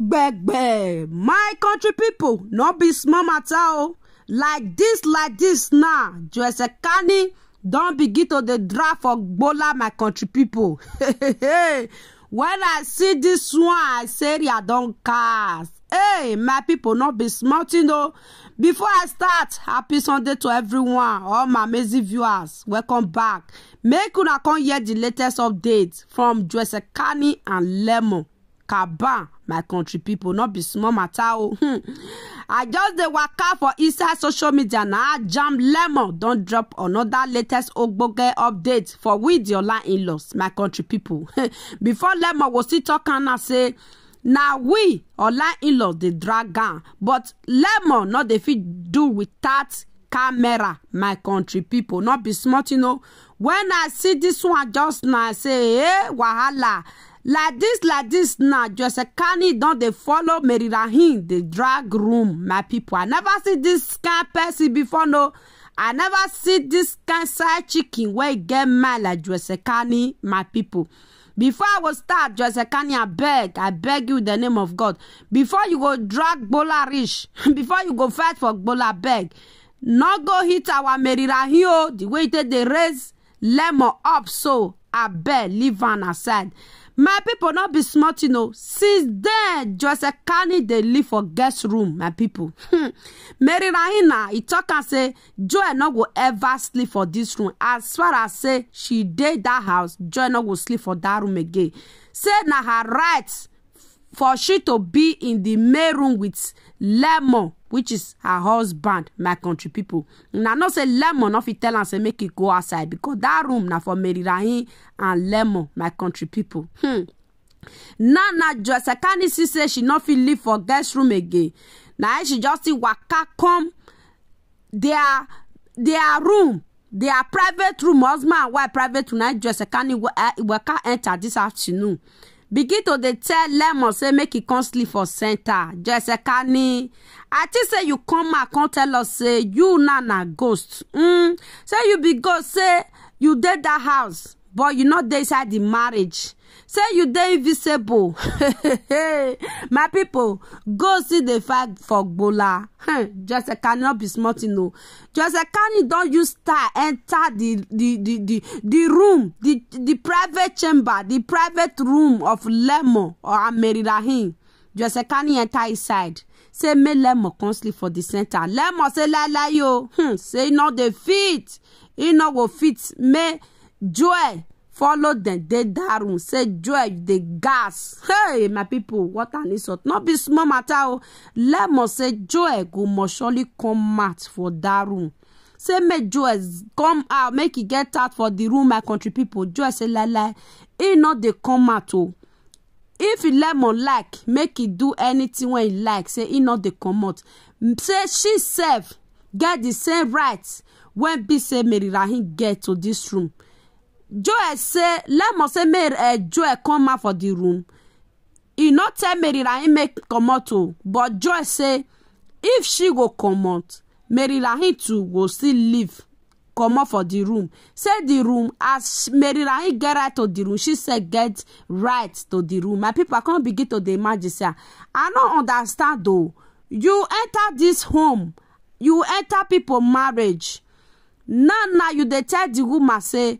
gbẹgbẹ my country people, no be small matter o like this, like this. now nah. jose kani don begin to dey draft for gbola my country people. When i see this one i say ria don cast hey my people, no be small tin o before i start happy sunday to everyone all my amazing viewers welcome back make una come hear the latest update from jose kani and lemon kaban my country people, no be small mata o oh. hmm i just dey waka for inside social media na jam lemon don drop anoda latest ogbonge update for we di ola in my country people. before lemon go still tok am say na we ola in-laws dey drag am but lemon no dey fit do without camera my country people, no be small tin o oh. When i see this one just now say eh wahala like this, like this, now joseph kani don dey follow mary rahim dey drag room my people. i never see this kain pesin before no i never see this kain side chicken wey get mind like joseph kani my people. before i go start joseph kani abeg i beg you the name of god before you go drag gbola reach before you go fight for gbola beg no go hit our mary rahim o oh, the way e take dey raise lemon up so abeg leave am aside my people no be small tin o oh. since den joseph carney dey live for guest room my people. Hmm. mary rahina e talk am say joel no go ever sleep for this room as far as say she dey that house joel no go sleep for that room again say na her right for she to be in the main room with lemon which is her husband my country people. na know say lemon no fit tell am say make e go outside because dat room na for mary rahim and lemon my country pipo hmm nana josekani see say she no fit live for guest room again na she just see waka come their their room their private room husband and wife private room na josekani eh, waka enter this afternoon begin to dey tell lemon say make e come sleep for center jessica ni i think say you come out come tell us say you na na ghost mm, say you be ghost say you dey that house but you no dey inside the marriage say you dey invisible my pipo go see the fight for gbola joseph kani no be small tin o oh. joseph kani don use style the the room the the private chamber the private room of lemo or amerirahim joseph kani enter inside say make lemo come sleep for the center. lemo say laila o oh. hmm, say e no dey fit e no go fit make joel follow dem dey dat room say joel you dey gas hey my pipo what an insult no be small mata o oh. lemon say joel go must surely come out for dat room say make joel come out make e get out for di room my country pipo joel say lai lai e no dey come out o oh. if lemon like make e do anything wey e like say e no dey comot say she sef get di same right wey be say mary rahim get to dis room joel say lemon say Mary, uh, eh, joel come out for the room e no tell mary rahim make comot o but joel say if she go comot mary rahim too go still leave comot for the room say the room as mary rahim get right to di room she say get right to the room my people, i come begin to dey imagine say i no understand o you enter this home you enter people' marriage now na you dey tell di woman say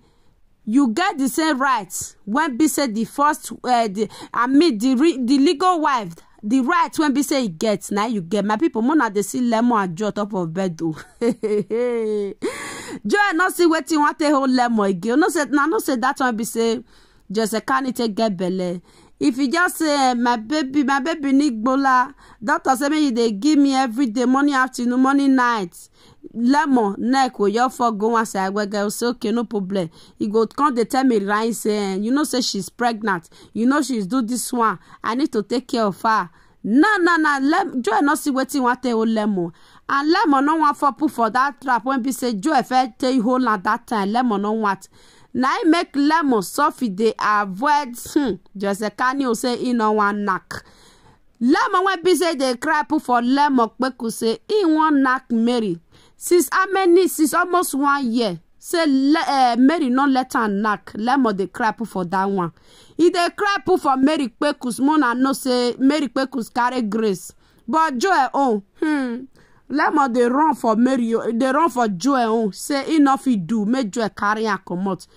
you get the same rights when be say the first uh, the i mean the the legal wife the right when be say he gets. Now you get my people more na dey see lemon and joe top of bed o joe no see you want to hold lemon again no say na no say that one be say just a take get belle if you just say eh, my baby my baby need gbola doctor say me they give me every day morning afternoon morning night lemon neck wey your for go one side agbege say okay no problem e go come dey tell me right say you know say she's pregnant you know she's do this one i need to take care of her na na na joy no see wetin wan take hold lemon and lemon no wan fall put for that trap wey be say joy fit take hold am that time lemon no want na im make lemon suffer dey avoid hmm, jose kanio say e no wan knack lemon wey be say dey cry put for lemon kpeku say e wan knack mary Since how many? Since almost one year. Say uh, Mary no let her knack. Lemo dey cry put for that one. E dey cry put for Mary Kpekus. Mona know say Mary Kpekus carry grace. But Joel own, oh, hmm, Lemo dey run for Mary, dey oh, run for Joel own. Oh. Say e no fit do. Make Joel carry am comot.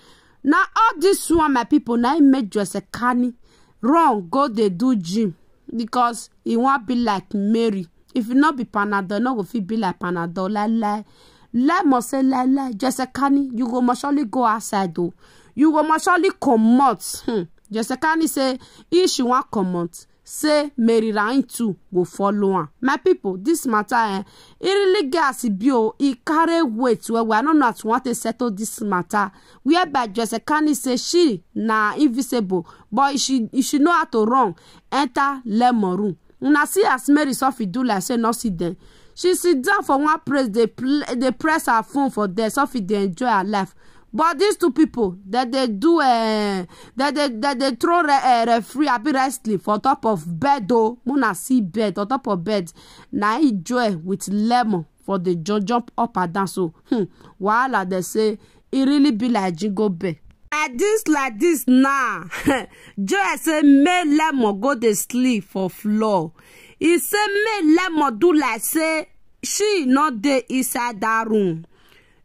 Na all this one, my people, na im make Joel Sekani run go dey do gym because e wan be like Mary if e no be panadol no go fit be like panadol lailai lai must say lailai jesse kani you go must surely go outside o you go must surely comot hmm. jesse kani say if she wan comot say mary rain too go follow am my pipo dis mata eh e really get as e be o oh. e carry weight well well i no know as we wan take settle dis mata whereby jesse kani say she na invisible but she she know how to run enter lemon room una see as mary sophy do like say no see dem she sit down for one place dey press her phone for there sophy dey enjoy her life but these two people dem dey do emm dem dey throw eh, referee happy wrestling for top of bed o muna see bed on top of bed na e joy with lemon for di jump up and down so hmm wahala dem say e really be like jingle bell like this, like dis now joel say make lemon go dey sleep for floor e say make lemon do like say she no dey inside that room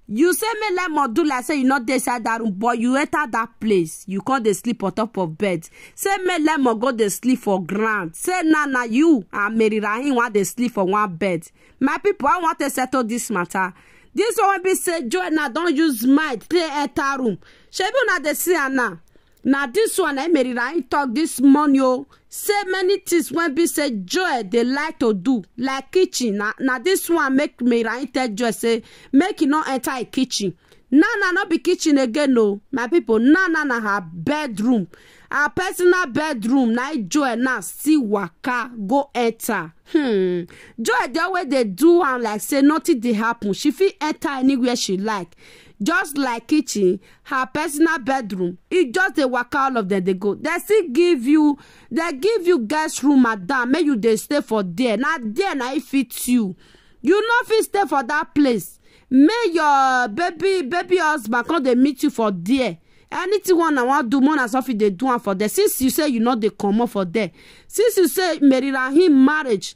you say make lemon do like say you no dey inside that room but you enter that place you come dey sleep on top of bed say make lemon go dey sleep for ground say na na you and mary rahim wan dey sleep for one bed my people, i wan take settle this matter. This one wey be say joanna don use mind play enter room shebi una dey see am now na dis one eh, na emeriri anyị talk dis morning o oh. say many things wey be say joy, dey like to do like kitchen na na dis one make emeriri anyị tell joy say make e no enter e kitchen na na no be kitchen again o oh, my pipo na na na her bedroom her personal bedroom na joy now still waka go enter hmm Joy dey always dey do am like say nothing dey happen she fit enter anywhere she like just like kitchen her personal bedroom e just dey waka all of dem dey go dem still give you dem give you guest room madam make you dey stay for there na there na e fit you you no fit stay for that place May your baby baby husband come dey meet you for there anything one i wan do more na something dey do am for there since you say you no dey comot for there since you say mary rahim marriage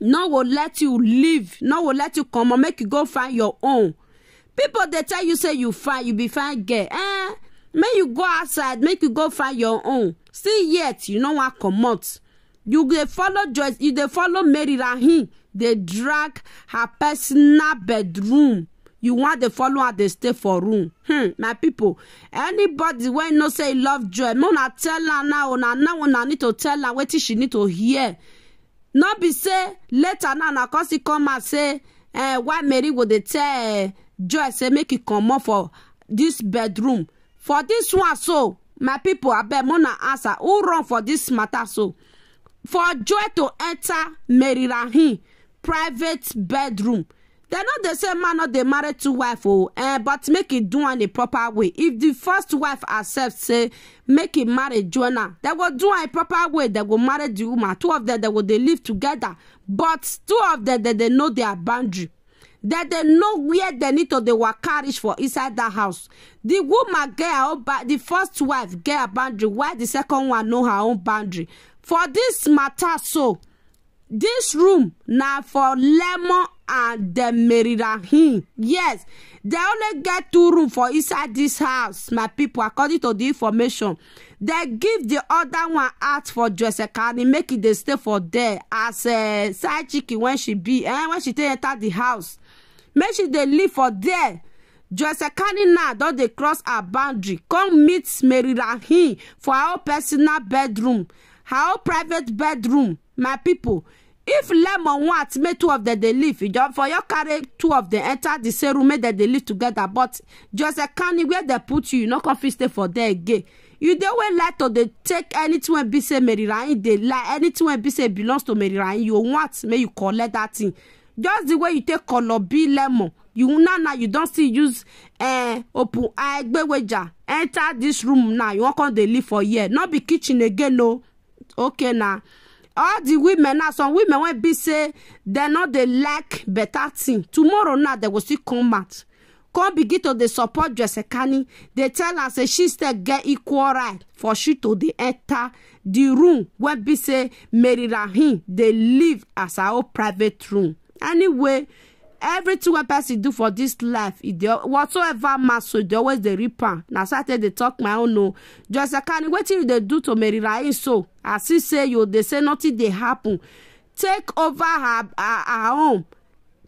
no go let you leave no go let you comot make you go find your own people dey tell you say you fine you be fine girl eh make you go outside make you go find your own still yet you no wan comot you dey follow joyce you dey follow mary rahim dey drag her personal bedroom you wan dey follow her dey stay for room hmm my people anybody wey know say e love joy make una tell her now una now una need to tell her wetin she need to hear no be say later now na come still e come out say eh, why mary go dey tell eh, joy say make e comot for dis bedroom for dis one so my pipo abeg mona answer who run for dis matter so for joy to enta mary rahim private bedroom dem no dey say man no dey marry two wife o oh, eh, but make e do am the proper way if the first wife accept say make e marry joanna dem go do am proper way dem go marry the woman two of dem dem go dey live together but two of dem dem dey know their boundary dem dey know where dem need to dey waka reach for inside dat house di woman get her own boundary di first wife get her boundary while di second one know her own boundary for dis matter so dis room na for lemon and dem merirahin yes dem only get two room for inside dis house my pipo according to di information dem give di oda one out for josekani make e dey stay for there as side chicken wen she be eh, wen she take enta di house make she dey live for there josekani now don dey cross her boundary come meet mary rahim for her own personal bedroom her own private bedroom my pipo if lemon want make two of dem dey live e for your carry two of dem enter the same room make dem dey live together but josekani where dem put you you no come fit stay for there again you dey wey like to dey take anything wey be say mary rahim dey like anything wey be say belongs to mary rahim you want make you collect dat thing just the way you take kolobi lemon you now now you don still use uh, open eye eh, gbeweja enter this room now you wan come dey live for here no be kitchen again o okay na all the women now some women wey be say dem no dey like better thing tomorrow now dem go still come out come begin to dey support dressekani dey tell am say she still get equal right for she to dey enter the room wey be say mary rahim dey live as her own private room anyway everything wey person do for this life e dey whatsoever mass so e dey always dey rip am na so i take dey talk my own o just akani wetin you dey do to mary rahim so as if say you dey say nothing dey happen take over her her, her home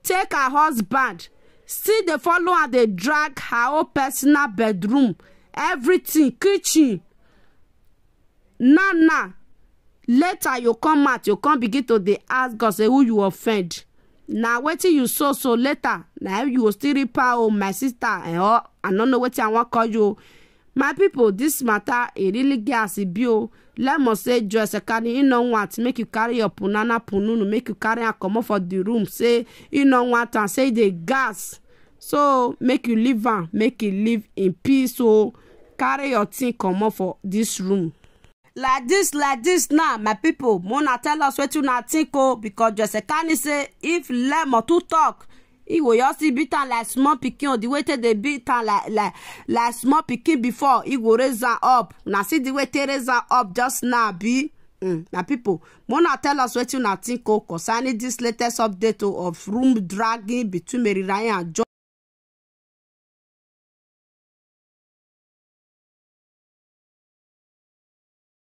take her husband still dey follow her dey drag her own personal bedroom everything kitchen now now later you come out you come begin to dey ask god say who you offend na wetin you sow so later na you go still reap am o oh, my sister eh, oh, i no know wetin i wan call you o my pipo dis mata e really get as e be o oh. lemon say joyce ekani e no want make you carry your punana pununu make you carry am comot for di room say e no want am say e dey gas so make you leave am make e live in peace o carry your thing comot for dis room like this, like this, now my pipo mona tell us wetin una think o becos jose kani say if lemon too tok e go just see beat am like small pikin The way tey dey beat am like like like small pikin before he go raise am up na see the way tey raise am up just now be na mm, pipo mona tell us wetin una think o concerning this latest update of room dragging between Mary Ryan and john